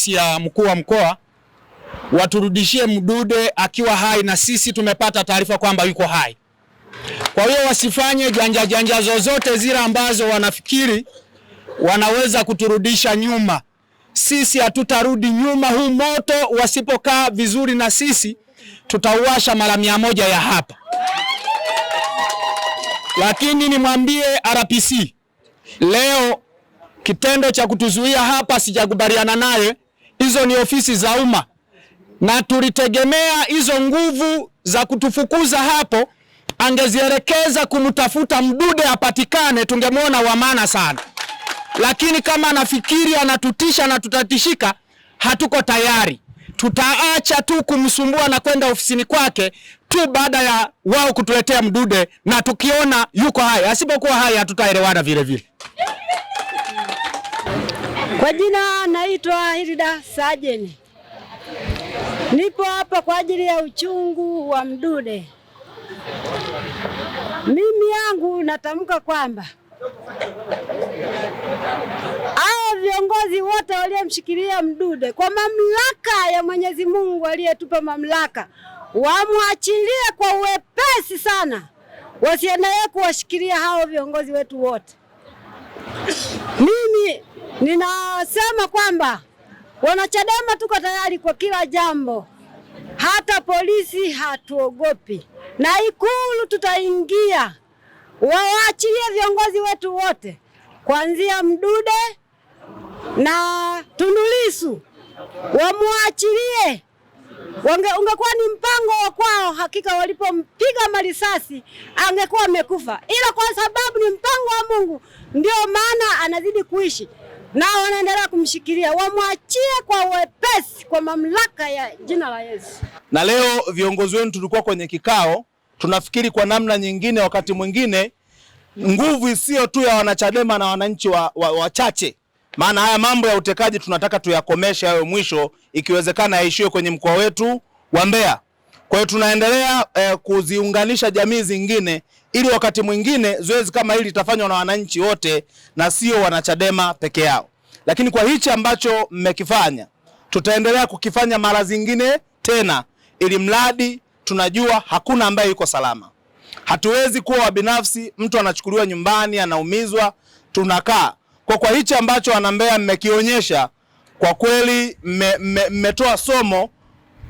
ofisi ya mkuu wa mkoa waturudishie Mdude akiwa hai, na sisi tumepata taarifa kwamba yuko hai. Kwa hiyo wasifanye janja janja zozote zile ambazo wanafikiri wanaweza kuturudisha nyuma. Sisi hatutarudi nyuma. Huu moto wasipokaa vizuri na sisi tutauasha mara mia moja ya hapa. Lakini nimwambie RPC leo kitendo cha kutuzuia hapa sijakubaliana naye hizo ni ofisi za umma, na tulitegemea hizo nguvu za kutufukuza hapo angezielekeza kumtafuta Mdude apatikane, tungemwona wa maana sana, lakini kama anafikiri anatutisha na tutatishika, hatuko tayari. Tutaacha tu kumsumbua na kwenda ofisini kwake tu baada ya wao kutuletea Mdude, na tukiona yuko hai. Asipokuwa hai, hatutaelewana vile vile. Kwa jina naitwa Hilda Sajeni, nipo hapa kwa ajili ya uchungu wa Mdude. Mimi yangu natamka kwamba hao viongozi wote waliomshikilia Mdude kwa mamlaka ya Mwenyezi Mungu aliyetupa mamlaka, wamwachilie kwa uwepesi sana, wasiendelee kuwashikilia hao viongozi wetu wote. Mimi Ninasema kwamba wanachadema tuko tayari kwa kila jambo, hata polisi hatuogopi, na Ikulu tutaingia. Waachie viongozi wetu wote kuanzia Mdude na Tundu Lissu wamwachilie. Ungekuwa ni mpango wa kwao, hakika walipompiga marisasi angekuwa amekufa, ila kwa sababu ni mpango wa Mungu, ndio maana anazidi kuishi na wanaendelea kumshikilia, wamwachie kwa wepesi, kwa mamlaka ya jina la Yesu. Na leo viongozi wenu tulikuwa kwenye kikao, tunafikiri kwa namna nyingine, wakati mwingine nguvu isiyo tu ya wanachadema na wananchi wachache wa, wa maana haya mambo ya utekaji tunataka tuyakomeshe, hayo mwisho, ikiwezekana yaishiwe kwenye mkoa wetu wa Mbeya. Kwa hiyo tunaendelea eh, kuziunganisha jamii zingine ili wakati mwingine zoezi kama hili litafanywa na wananchi wote na sio wanachadema peke yao. Lakini kwa hichi ambacho mmekifanya, tutaendelea kukifanya mara zingine tena, ili mradi tunajua hakuna ambaye yuko salama. Hatuwezi kuwa wabinafsi, mtu anachukuliwa nyumbani anaumizwa, tunakaa kwa kwa hichi ambacho wanambea mmekionyesha, kwa kweli mmetoa me, me, somo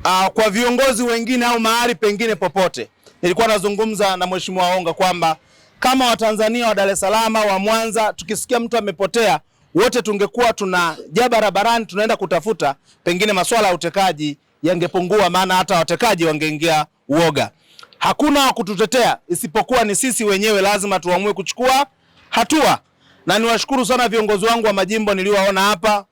uh, kwa viongozi wengine au mahali pengine popote. Nilikuwa nazungumza na Mheshimiwa Onga kwamba kama Watanzania wa Dar es Salaam, wa Mwanza, tukisikia mtu amepotea wote tungekuwa tuna tunajaa barabarani tunaenda kutafuta, pengine masuala ya utekaji yangepungua, maana hata watekaji wangeingia uoga. Hakuna wa kututetea isipokuwa ni sisi wenyewe, lazima tuamue kuchukua hatua. Na niwashukuru sana viongozi wangu wa majimbo niliowaona hapa,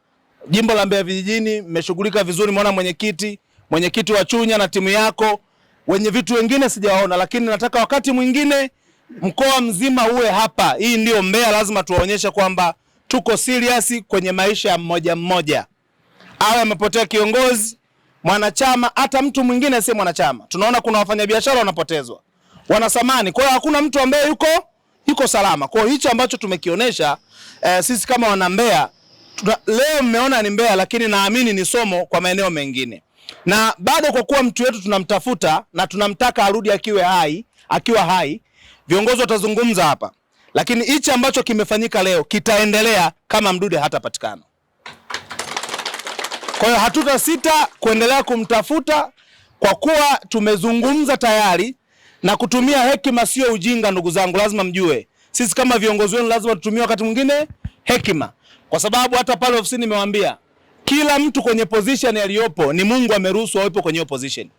jimbo la Mbeya vijijini mmeshughulika vizuri, Mwana mwenyekiti, mwenyekiti wa Chunya na timu yako wenye vitu wengine sijawaona, lakini nataka wakati mwingine mkoa mzima uwe hapa. Hii ndio Mbeya, lazima tuwaonyeshe kwamba tuko serious kwenye maisha ya mmoja mmoja, awe amepotea kiongozi, mwanachama, hata mtu mwingine si mwanachama. Tunaona kuna wafanyabiashara wanapotezwa, wanasamani. Kwa hiyo hakuna mtu ambaye yuko yuko salama. Kwa hiyo hicho ambacho tumekionyesha eh, sisi kama wana Mbeya leo mmeona ni Mbeya, lakini naamini ni somo kwa maeneo mengine na bado kwa kuwa mtu wetu tunamtafuta na tunamtaka arudi akiwe hai, akiwa hai, viongozi watazungumza hapa, lakini hichi ambacho kimefanyika leo kitaendelea kama Mdude hatapatikana. Kwa hiyo hatuta sita kuendelea kumtafuta kwa kuwa tumezungumza tayari na kutumia hekima, sio ujinga. Ndugu zangu, lazima mjue sisi kama viongozi wenu lazima tutumie wakati mwingine hekima, kwa sababu hata pale ofisini nimewaambia kila mtu kwenye position aliyopo ni Mungu ameruhusu awepo kwenye hiyo position,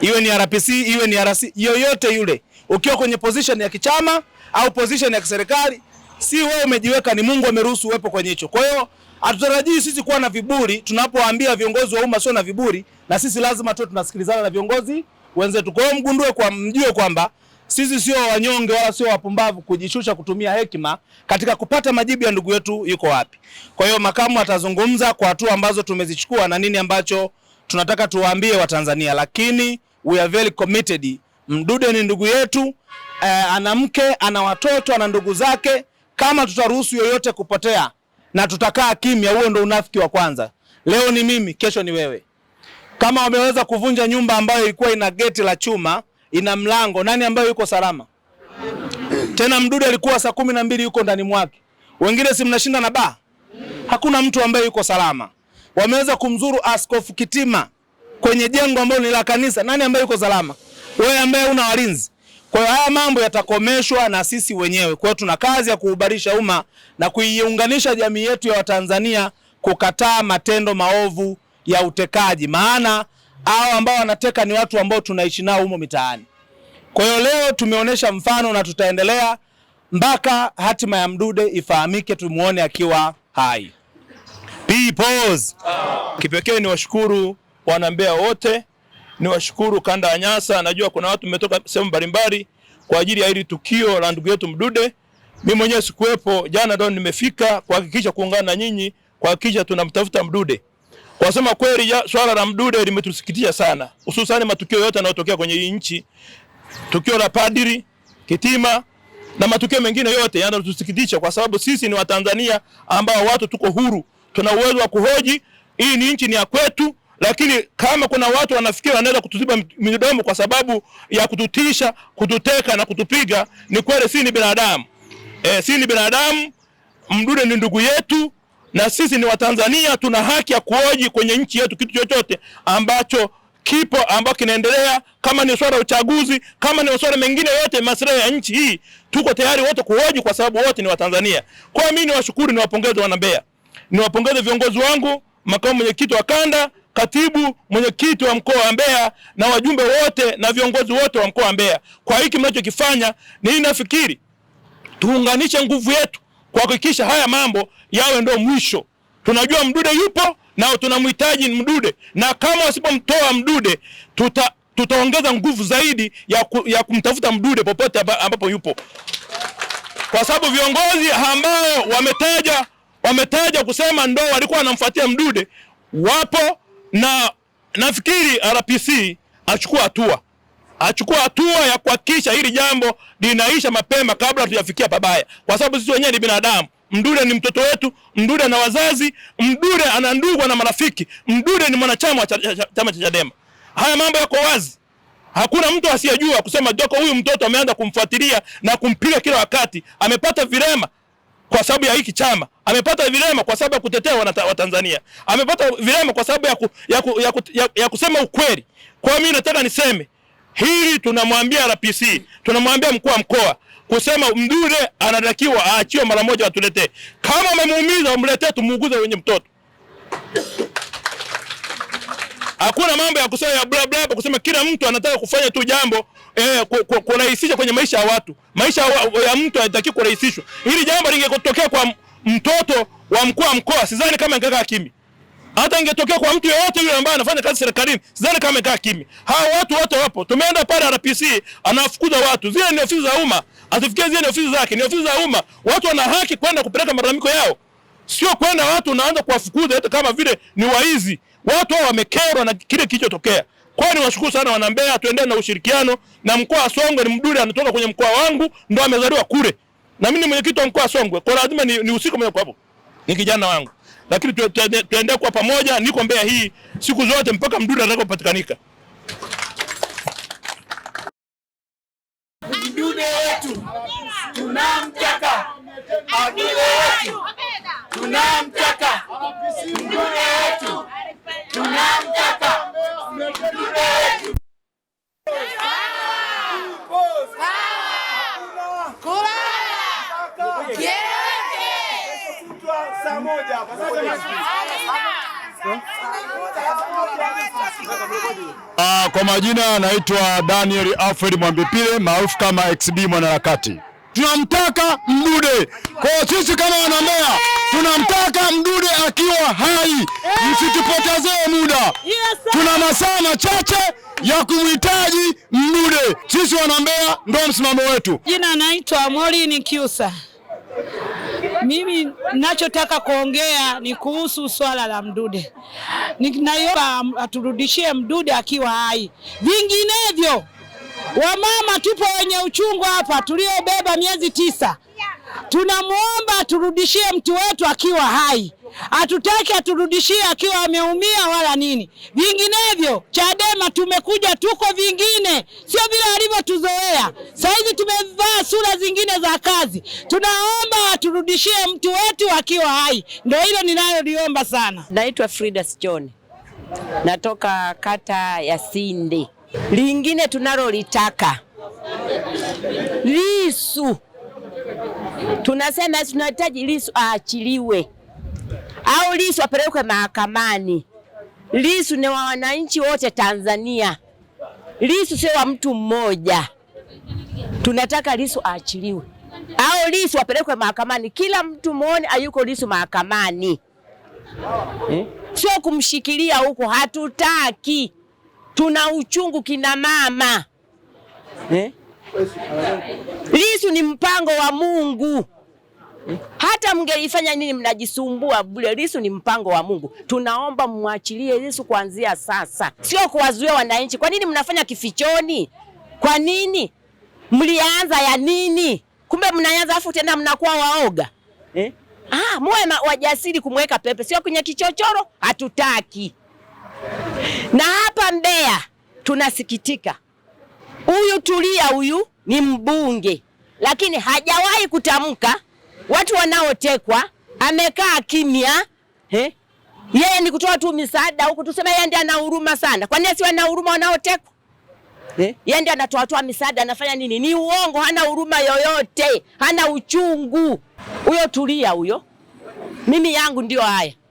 iwe ni RPC iwe ni RC yoyote yule, ukiwa kwenye position ya kichama au position ya kiserikali, si wewe umejiweka, ni Mungu ameruhusu uwepo kwenye hicho. Kwa hiyo hatutarajii sisi kuwa na viburi tunapowaambia viongozi wa umma sio na viburi, na sisi lazima tu tunasikilizana na viongozi wenzetu. Kwa hiyo mgundue, kwa mjue kwamba sisi sio wanyonge wala sio wapumbavu kujishusha kutumia hekima katika kupata majibu ya ndugu yetu yuko wapi. Kwa hiyo makamu atazungumza kwa hatua ambazo tumezichukua na nini ambacho tunataka tuwaambie Watanzania, lakini we are very committed. Mdude ni ndugu yetu eh, ana mke, ana watoto, ana ndugu zake. Kama tutaruhusu yoyote kupotea na tutakaa kimya, huo ndo unafiki wa kwanza. Leo ni mimi, kesho ni wewe. Kama wameweza kuvunja nyumba ambayo ilikuwa ina geti la chuma ina mlango nani ambayo yuko salama. Tena mdudu alikuwa saa kumi na mbili yuko ndani mwake, wengine si mnashinda na ba. Hakuna mtu ambaye yuko salama. Wameweza kumzuru Askofu Kitima kwenye jengo ambalo ni la kanisa, nani ambaye yuko salama? Wewe ambaye una walinzi. Kwa hiyo haya mambo yatakomeshwa na sisi wenyewe. Kwa hiyo tuna kazi ya kuubarisha umma na kuiunganisha jamii yetu ya Watanzania kukataa matendo maovu ya utekaji, maana hao ambao wanateka ni watu ambao tunaishi nao humo mitaani. Kwa hiyo leo tumeonyesha mfano na tutaendelea mpaka hatima ya Mdude ifahamike, tumuone akiwa hai. Peoples, kipekee ni washukuru wanambea wote, ni washukuru kanda ya Nyasa. Najua kuna watu mmetoka sehemu mbalimbali kwa ajili ya hili tukio la ndugu yetu Mdude. Mimi mwenyewe sikuwepo jana, ndio nimefika kuhakikisha kuungana na nyinyi kuhakikisha tunamtafuta Mdude. Kwa sema kweli, swala la Mdude limetusikitisha sana, hususani matukio yote yanayotokea kwenye hii nchi, tukio la padiri Kitima na matukio mengine yote yanatusikitisha, kwa sababu sisi ni Watanzania ambao watu tuko huru, tuna uwezo wa kuhoji. Hii ni nchi ni ya kwetu, lakini kama kuna watu wanafikiri wanaweza kutuziba midomo kwa sababu ya kututisha, kututeka na kutupiga, ni kweli, si ni binadamu e, eh, si ni binadamu. Mdude ni ndugu yetu na sisi ni Watanzania, tuna haki ya kuoji kwenye nchi yetu kitu chochote ambacho kipo ambacho kinaendelea, kama ni swala uchaguzi, kama ni swala mengine yote, maslahi ya nchi hii, tuko tayari wote kuhoji, kwa sababu wote ni Watanzania. Kwa hiyo mimi niwashukuru, niwapongeze wana Mbeya, niwapongeze viongozi wangu, makamu mwenyekiti wa kanda, katibu mwenyekiti wa mkoa wa Mbeya na wajumbe wote na viongozi wote wa mkoa wa Mbeya kwa hiki mnachokifanya. Ni nafikiri tuunganishe nguvu yetu kuhakikisha haya mambo yawe ndo mwisho. Tunajua Mdude yupo na tunamhitaji Mdude, na kama wasipomtoa Mdude tuta, tutaongeza nguvu zaidi ya, ku, ya kumtafuta Mdude popote ambapo yupo, kwa sababu viongozi ambao wametaja wametaja kusema ndo walikuwa wanamfuatia Mdude wapo, na nafikiri RPC achukua hatua achukua hatua ya kuhakikisha hili jambo linaisha mapema kabla hatujafikia pabaya, kwa sababu sisi wenyewe ni binadamu. Mdude ni mtoto wetu, Mdude ana wazazi, Mdude ana ndugu na marafiki, Mdude ni mwanachama wa chama cha Chadema. Haya mambo yako wazi, hakuna mtu asiyejua kusema Joko huyu mtoto ameanza kumfuatilia na kumpiga kila wakati, amepata vilema kwa sababu ya hiki chama, amepata vilema kwa sababu ya kutetea Watanzania, amepata vilema kwa sababu ya, ku, ya, ku, ya, ku, ya, ya kusema ukweli. Kwa mimi nataka niseme Hili tunamwambia RPC, tunamwambia mkuu wa mkoa kusema Mdude anatakiwa aachiwe mara moja, watuletee. Kama amemuumiza amletee, tumuuguze wenye mtoto. Hakuna mambo ya kusema ya bla bla, kusema kila mtu anataka kufanya tu jambo eh, kurahisisha kwenye maisha ya watu. Maisha ya mtu haitakiwi kurahisishwa. Hili jambo lingekotokea kwa mtoto wa mkuu wa mkoa, sidhani kama ingekaa kimya hata ingetokea kwa mtu yeyote yule ambaye anafanya kazi serikalini, sidhani kama amekaa kimya. Hawa watu wote wapo, tumeenda pale RPC, anafukuza watu. Zile ni ofisi za umma, azifikie zile ni ofisi zake, ni ofisi za umma. Watu wana haki kwenda kupeleka malalamiko yao, sio kwenda watu unaanza kuwafukuza hata kama vile ni waizi. Watu hao wamekerwa na kile kilichotokea. Kwa hiyo niwashukuru sana wana Mbeya, tuendelee na ushirikiano na mkoa wa Songwe. Ni Mduli anatoka kwenye mkoa wangu, ndo amezaliwa kule, na mimi ni mwenyekiti wa mkoa wa Songwe, kwa lazima ni, ni usiku mwenye hapo, ni kijana wangu lakini tuende kwa pamoja. Niko Mbeya hii siku zote mpaka mdudu atakapopatikanika. Mdude wetu tunamtaka, Agile wetu tunamtaka, mdude wetu tunamtaka, mdude wetu Yeah moja hapa ah, Kwa majina anaitwa Daniel Alfred Mwambipile maarufu kama XB mwanaharakati. Tunamtaka Mdude. Kwa sisi kama wanambeya tunamtaka Mdude akiwa hai, msitupotezee muda. Tuna masaa machache ya kumhitaji Mdude. Sisi wanambeya ndio msimamo wetu. Jina anaitwa Morini Kiusa. Mimi nachotaka kuongea ni kuhusu swala la Mdude. ninaomba aturudishie Mdude akiwa hai, vinginevyo wamama tupo wenye uchungu hapa tuliobeba miezi tisa Tunamwomba aturudishie mtu wetu akiwa hai, hatutaki aturudishie akiwa ameumia wala nini. Vinginevyo Chadema tumekuja, tuko vingine, sio vile alivyotuzoea. Sasa hivi tumevaa sura zingine za kazi. Tunaomba aturudishie mtu wetu akiwa hai, ndio hilo ninaloliomba sana. Naitwa Frida John, natoka kata ya Sinde. Lingine tunalolitaka Lisu Tunasema tunahitaji Lissu aachiliwe au Lissu apelekwe mahakamani. Lissu ni wa wananchi wote Tanzania. Lissu sio wa mtu mmoja. Tunataka Lissu aachiliwe au Lissu apelekwe mahakamani. Kila mtu muone ayuko Lissu mahakamani eh? Sio kumshikilia huko, hatutaki. Tuna uchungu kina mama eh? Yesu ni mpango wa Mungu. Hata mngeifanya nini, mnajisumbua bure. Yesu ni mpango wa Mungu. Tunaomba mwachilie Yesu kuanzia sasa, sio kuwazuia wananchi. Kwa nini mnafanya kifichoni? Kwa nini mlianza ya nini? Kumbe mnaanza afu tena mnakuwa waoga eh? Ah, muwe wajasiri kumweka pepe, sio kwenye kichochoro. Hatutaki. Na hapa Mbeya tunasikitika, huyu Tulia huyu ni mbunge lakini hajawahi kutamka watu wanaotekwa, amekaa kimya eh? Yeye ni kutoa tu misaada huku, tuseme yeye ndiye ana huruma sana. Kwani si wana huruma wanaotekwa eh? Yeye ndiye anatoa toa misaada, anafanya nini? Ni uongo, hana huruma yoyote, hana uchungu. Huyo tulia huyo, mimi yangu ndio haya.